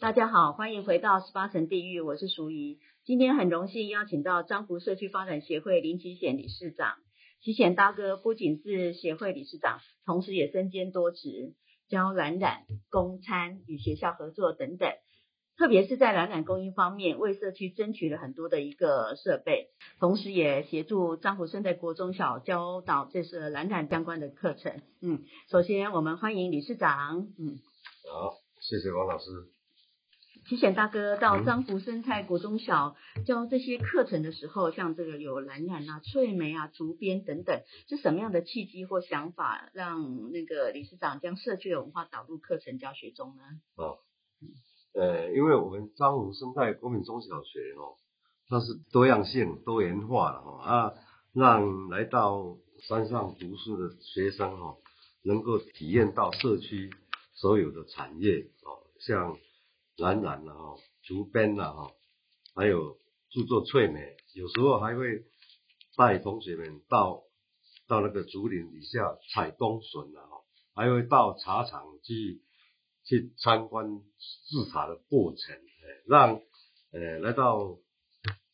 大家好，歡迎回到十八層地獄，我是淑儀。今天很榮幸邀請到樟湖社區發展協會林啟顯理事長。啟顯大哥不僅是協會理事長，同時也身兼多職，教藍染供餐與學校合作等等。特別是在藍染供應方面，為社區爭取了很多的一個設備，同時也協助樟湖生態國中小教導這是藍染相關的課程。嗯，首先我們歡迎理事長。嗯，好，謝謝王老師。啟顯大哥到樟湖生態國中小教這些課程的時候，像這個有藍染啊、翠梅啊、竹編等等，是什麼樣的契機或想法，讓那個理事長將社區的文化導入課程教學中呢？哦，呃，因為我們樟湖生態國民中小學哦，它是多樣性、多元化了哈、哦，啊，讓來到山上讀書的學生哈、哦，能夠體驗到社區所有的產業哦，像。藍染了哈，竹編了哈，還有制作脆梅，有時候還會帶同學們到到那個竹林底下採冬筍了哈，還會到茶廠去去參觀制茶的過程，欸、讓呃、欸、來到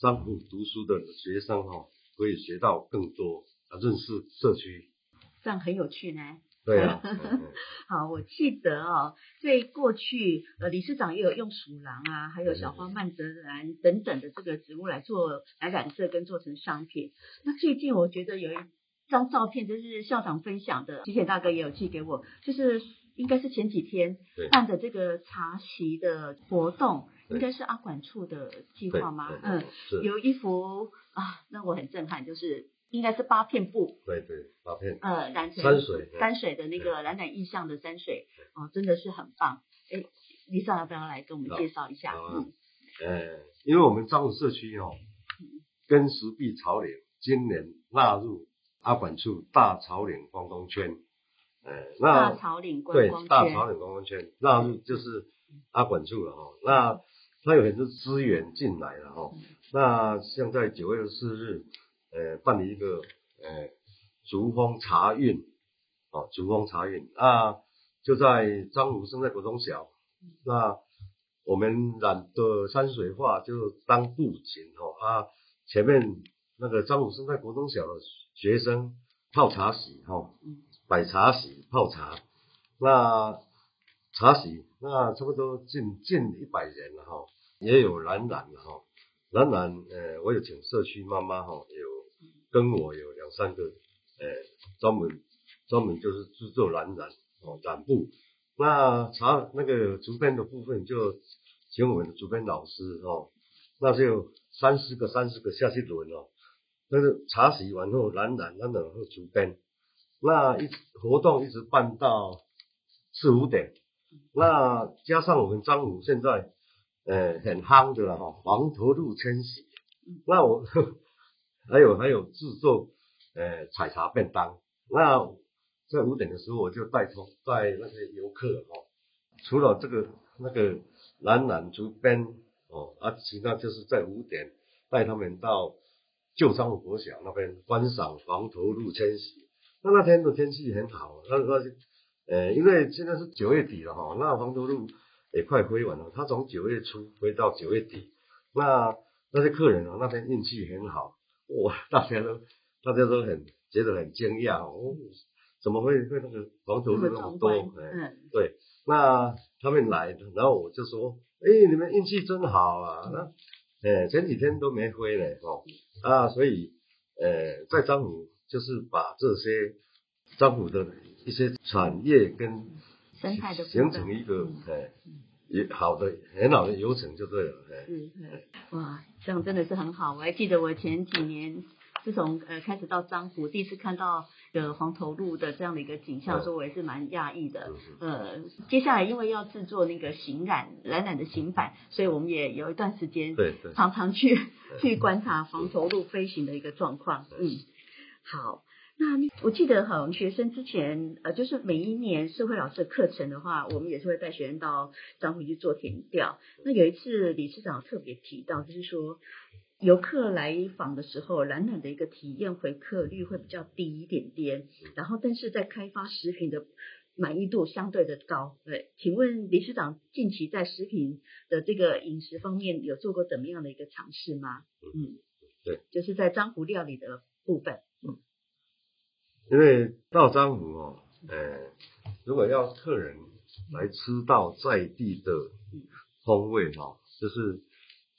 樟湖讀書的學生哈、啊、可以學到更多，啊，認識社區，這樣很有趣呢？對啊，嗯嗯、 好，我記得哦，所以過去呃，理事長也有用薯榔啊，還有小花蔓澤蘭等等的這個植物來做來染色跟做成商品。那最近我覺得有一張照片，就是校長分享的，啟顯大哥也有寄給我，就是應該是前幾天辦的這個茶席的活動，對應該是阿管處的計劃嗎？對對對，是嗯，有一幅啊，那我很震撼，就是。應該是八片布，對，對對，八片。呃，山水、山水，嗯、山水的那個藍染意象的山水，嗯、哦，真的是很棒。誒，理事長要不要來跟我們介紹一下？啊、嗯。呃、欸，因為我們樟湖社區哦、喔，跟石壁草嶺今年納入阿管處大草嶺觀光圈。呃、欸，那大草嶺觀光圈。大草嶺觀光圈納入就是阿管處了哈、喔。那它有很多資源進來了哈、喔。嗯、那像在九月十四日。呃，辦理一個呃，竹風茶韻，哦，竹風茶韻，啊，就在樟湖生態國中小，那我們染的山水畫就當布景哦，啊，前面那個樟湖生態國中小的學生泡茶席哈、哦，擺茶席泡茶，那茶席，那差不多近近一百人了哈，也有藍染哈，藍、哦、染，呃，我有請社區媽媽哈，哦、也有。跟我有兩三個，呃、欸，專門專門就是制作藍染哦，染布。那茶那個竹編的部分就請我們的竹編老師哦，那就三四個三四個下去輪哦。但是茶洗完後藍藍，藍染藍染後竹編，那一活動一直辦到四五點。那加上我們樟湖現在呃很夯的哈，黃頭鷺遷徙。那我。呵還有還有製作呃採茶便當，那在五點的時候，我就帶頭帶那些遊客哦，除了這個那個藍染竹編哦，啊，其他就是在五點帶他們到舊樟湖國小那邊觀賞黃頭鷺遷徙。那那天的天氣很好，那個呃，因為現在是九月底了哈、哦，那黃頭鷺也快飛完了，它從九月初飛到九月底，那那些客人啊、哦，那天運氣很好。哇！大家都，大家都很覺得很驚訝哦，怎麼會會那個黃頭的那麼多？麼嗯、對。那他們來，然後我就說：“哎，你們運氣真好啊！那、嗯呃，前幾天都沒飛呢，哦、嗯、啊，所以，呃，在樟湖就是把這些樟湖的一些產業跟形成一個，哎、嗯。”嗯嗯好的，很好的遊程就對了嗯。嗯，哇，這樣真的是很好。我還記得我前幾年，自從呃開始到樟湖，第一次看到呃黃頭鷺的這樣的一個景象，嗯、說我也是蠻訝異的。呃，接下來因為要製作那個型染染染的型版，所以我們也有一段時間，對對，常常去，嗯嗯、去觀察黃頭鷺飛行的一個狀況。嗯，嗯，好。那我記得哈，我們學生之前呃，就是每一年社會老師的課程的話，我們也是會帶學生到樟湖去做田調。那有一次理事長特別提到，就是說遊客來訪的時候，懶懶的一個體驗回客率會比較低一點點，然後但是在開發食品的滿意度相對的高。對，請問理事長近期在食品的這個飲食方面有做過怎麼樣的一個嘗試嗎？嗯，對，就是在樟湖料理的部分。因為到樟湖哦，呃，如果要客人來吃到在地的風味哈、哦，就是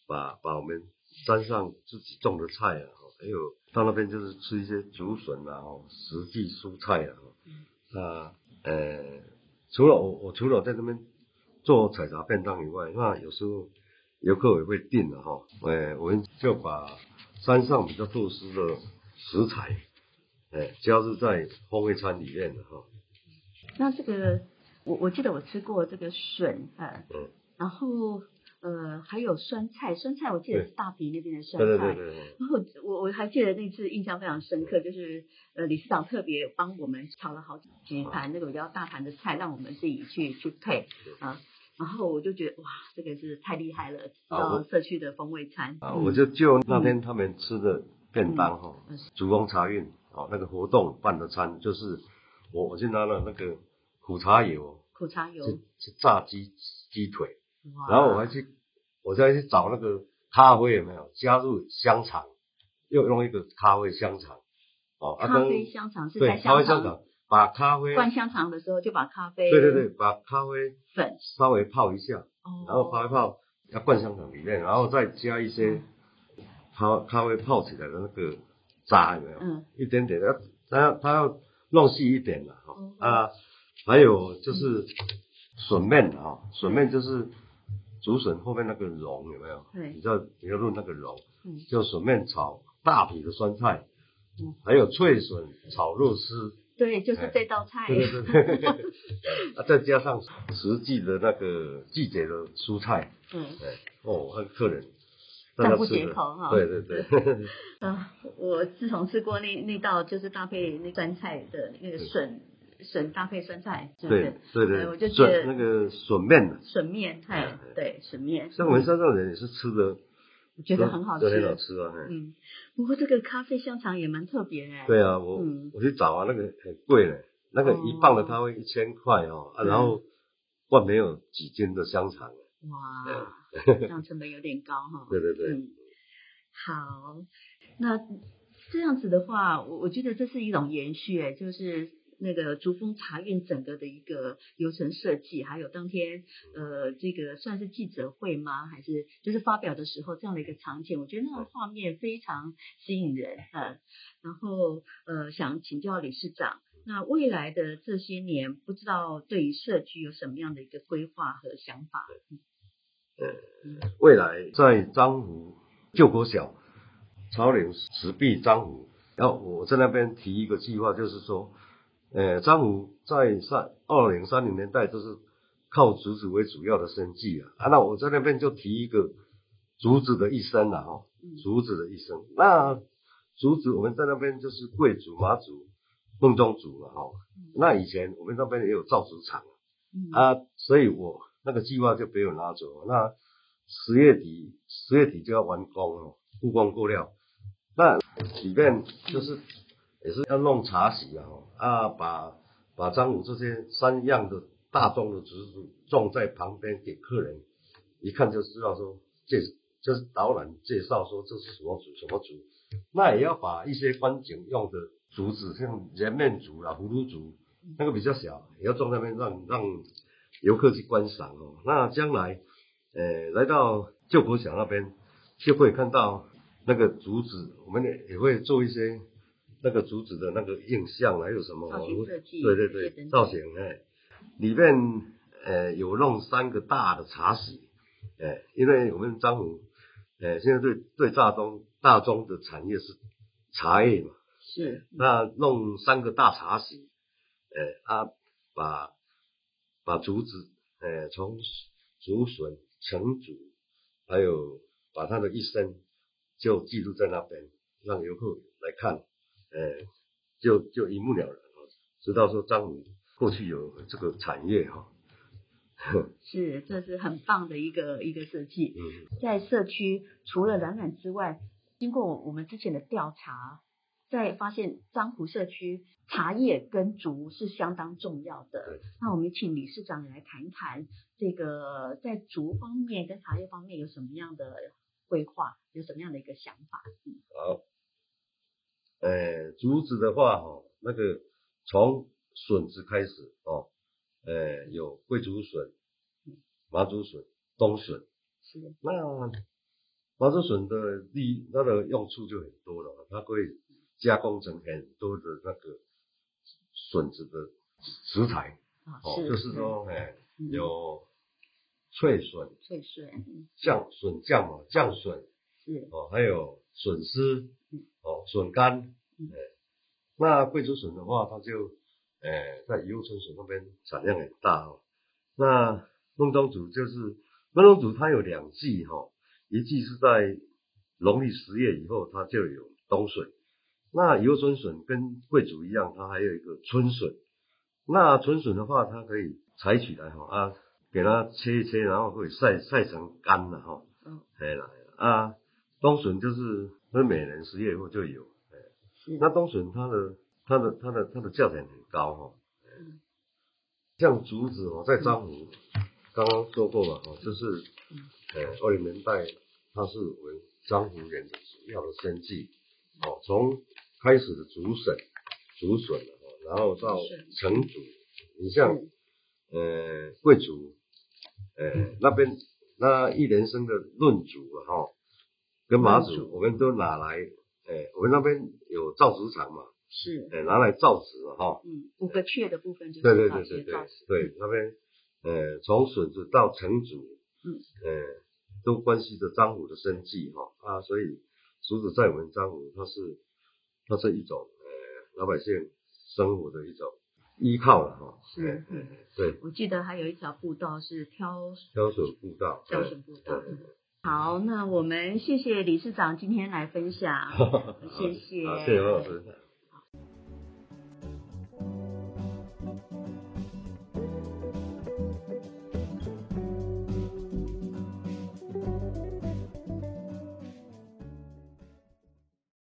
把把我們山上自己種的菜啊，還有到那邊就是吃一些竹筍啊，哦，四季蔬菜啊，啊，呃，除了我我除了在那邊做採茶便當以外，那有時候遊客也會訂了哦，誒、呃，我們就把山上比較特殊的食材。欸、只要是在風味餐裡面的哈。那這個，我我記得我吃過這個筍，啊嗯、然後呃還有酸菜，酸菜我記得是大坪那邊的酸菜，對對對,對然後我我還記得那次印象非常深刻，就是呃理事長特別有幫我們炒了好幾盤、啊、那種比較大盤的菜，讓我們自己去去配啊。然後我就覺得哇，這個是太厲害了！到社區的風味餐啊，我,嗯、我就就那天他們吃的便當哈，竹峰、嗯嗯、茶韻。哦，那個活動辦的餐就是我，我去拿了那個苦茶油，苦茶油是炸雞雞腿，哇然後我還去，我再去找那個咖啡有沒有加入香腸，又用一個咖啡香腸，哦，咖啡香腸是在香腸把咖啡灌香腸的時候就把咖啡對對對，把咖啡粉稍微泡一下，哦，然後咖啡泡要灌香腸裡面，然後再加一些咖咖啡泡起來的那個。渣有沒有？嗯，一點點，的。它要它要弄細一點的哈。啊，還有就是筍麵啊，筍麵就是竹筍後面那個茸有沒有？對，你知道，比較弄那個茸。嗯，就筍麵炒大皮的酸菜。嗯。還有脆筍炒肉絲。對，就是這道菜。對對對。啊，再加上實際的那個季節的蔬菜。嗯。對。哦，看客人。讚不絕口哈，對對對。嗯，我自從吃過那那道就是搭配那酸菜的那個筍，筍搭配酸菜，對對對，我就覺得那個筍麵，筍麵，對，筍麵。像文山上人也是吃的，我覺得很好吃，很好吃啊，嗯。不過這個咖啡香腸也蠻特別誒。對啊，我我去找啊，那個很貴嘞，那個一磅的它會一千塊哦，然後外面有幾斤的香腸。哇，這樣成本有點高哈。對對對。嗯，好，那這樣子的話，我我覺得這是一種延續哎、欸，就是那個“竹峰茶韻”整個的一個流程設計，還有當天呃這個算是記者會嗎？還是就是發表的時候這樣的一個場景？我覺得那個畫面非常吸引人呃、嗯，然後呃，想請教理事長。那未來的這些年，不知道對於社區有什麼樣的一個規劃和想法？嗯、未來在樟湖舊國小，草嶺石壁樟湖，然後我在那邊提一個計劃，就是說，呃，樟湖在三二零三零年代就是靠竹子為主要的生計啊，啊。那我在那邊就提一個竹子的一生哈、啊，嗯、竹子的一生。那竹子，我們在那邊就是桂竹、麻竹。弄孟宗竹了哈，那以前我們那邊也有造紙廠啊，嗯、啊，所以我那個計劃就沒有拿走。那十月底，十月底就要完工了，布光布料，那裡面就是也是要弄茶席啊，啊，把把張五這些三樣的大宗的竹子種在旁邊，給客人一看就知道說這這、就是就是導覽介紹說這是什麼竹什麼竹，那也要把一些觀景用的。竹子像人面竹啦、葫蘆竹，那個比較小，也要裝在那邊讓讓遊客去觀賞哦、喔。那將來呃來到舊浦橋那邊，就會看到那個竹子，我們也也會做一些那個竹子的那個印象，還有什麼、喔？造型對對對，計造型哎、欸，裡面呃有弄三個大的茶室，哎、呃，因為我們樟湖誒現在對對大宗大宗的產業是茶葉嘛。是，嗯、那弄三個大茶室，呃、欸，他、啊、把把竹子，呃、欸，從竹筍成竹，還有把他的一生就記錄在那邊，讓遊客來看，呃、欸，就就一目了然哦，知道說樟湖過去有這個產業哈。是，這是很棒的一個一個設計。嗯，在社區除了染染之外，經過我我們之前的調查。在發現樟湖社區茶葉跟竹是相當重要的。對那我們請理事長也來談一談這個在竹方面跟茶葉方面有什麼樣的規劃，有什麼樣的一個想法？嗯、好。呃、欸、竹子的話，哦，哈，那個從筍子開始，哦，呃、欸、有桂竹筍、麻竹筍、冬筍。是的。的那麻竹筍的利，它的用處就很多了，它會。加工成很多的那個筍子的食材，哦，哦是就是說，哎、嗯，有脆筍、脆筍水、醬筍、嗯、醬嘛醬筍，是哦，還有筍絲，哦，筍乾，嗯、哎，那桂竹筍的話，它就，哎，在雲霧春筍那邊產量很大哦。那孟宗竹就是孟宗竹，它有兩季哈，一季是在農曆十月以後，它就有冬筍。那油春筍跟桂竹一樣，它還有一個春筍。那春筍的話，它可以採取來哈啊，給它切一切，然後可以曬曬成乾的哈。嗯。哎了，啊，冬筍就是是每年十月以後就有。那冬筍它的它的它的它的價錢很高哈。嗯。像竹子哦，在樟湖剛剛說過吧，哈，就是呃二零年代，它是我們樟湖人的主要的生計。哦，從開始的竹筍，竹筍了然後到成竹，你像，呃，桂竹、嗯，呃，那邊那一連生的嫩竹了哈，跟麻竹，嗯、我們都拿來，呃，我們那邊有造紙廠嘛，是，哎、呃，拿來造紙了哈，嗯，五個闕的部分就是直接造紙，對對對對，嗯、對，那邊，呃，從筍子到成竹，嗯是，呃，都關係着樟湖的生計哈，啊，所以竹子在我們樟湖它是。它是一種呃老百姓生活的一種依靠哈，是，嗯、對。對我記得還有一條步道是挑挑水步道，挑水步道。好，那我們謝謝理事長今天來分享， 謝謝。好，謝謝老師。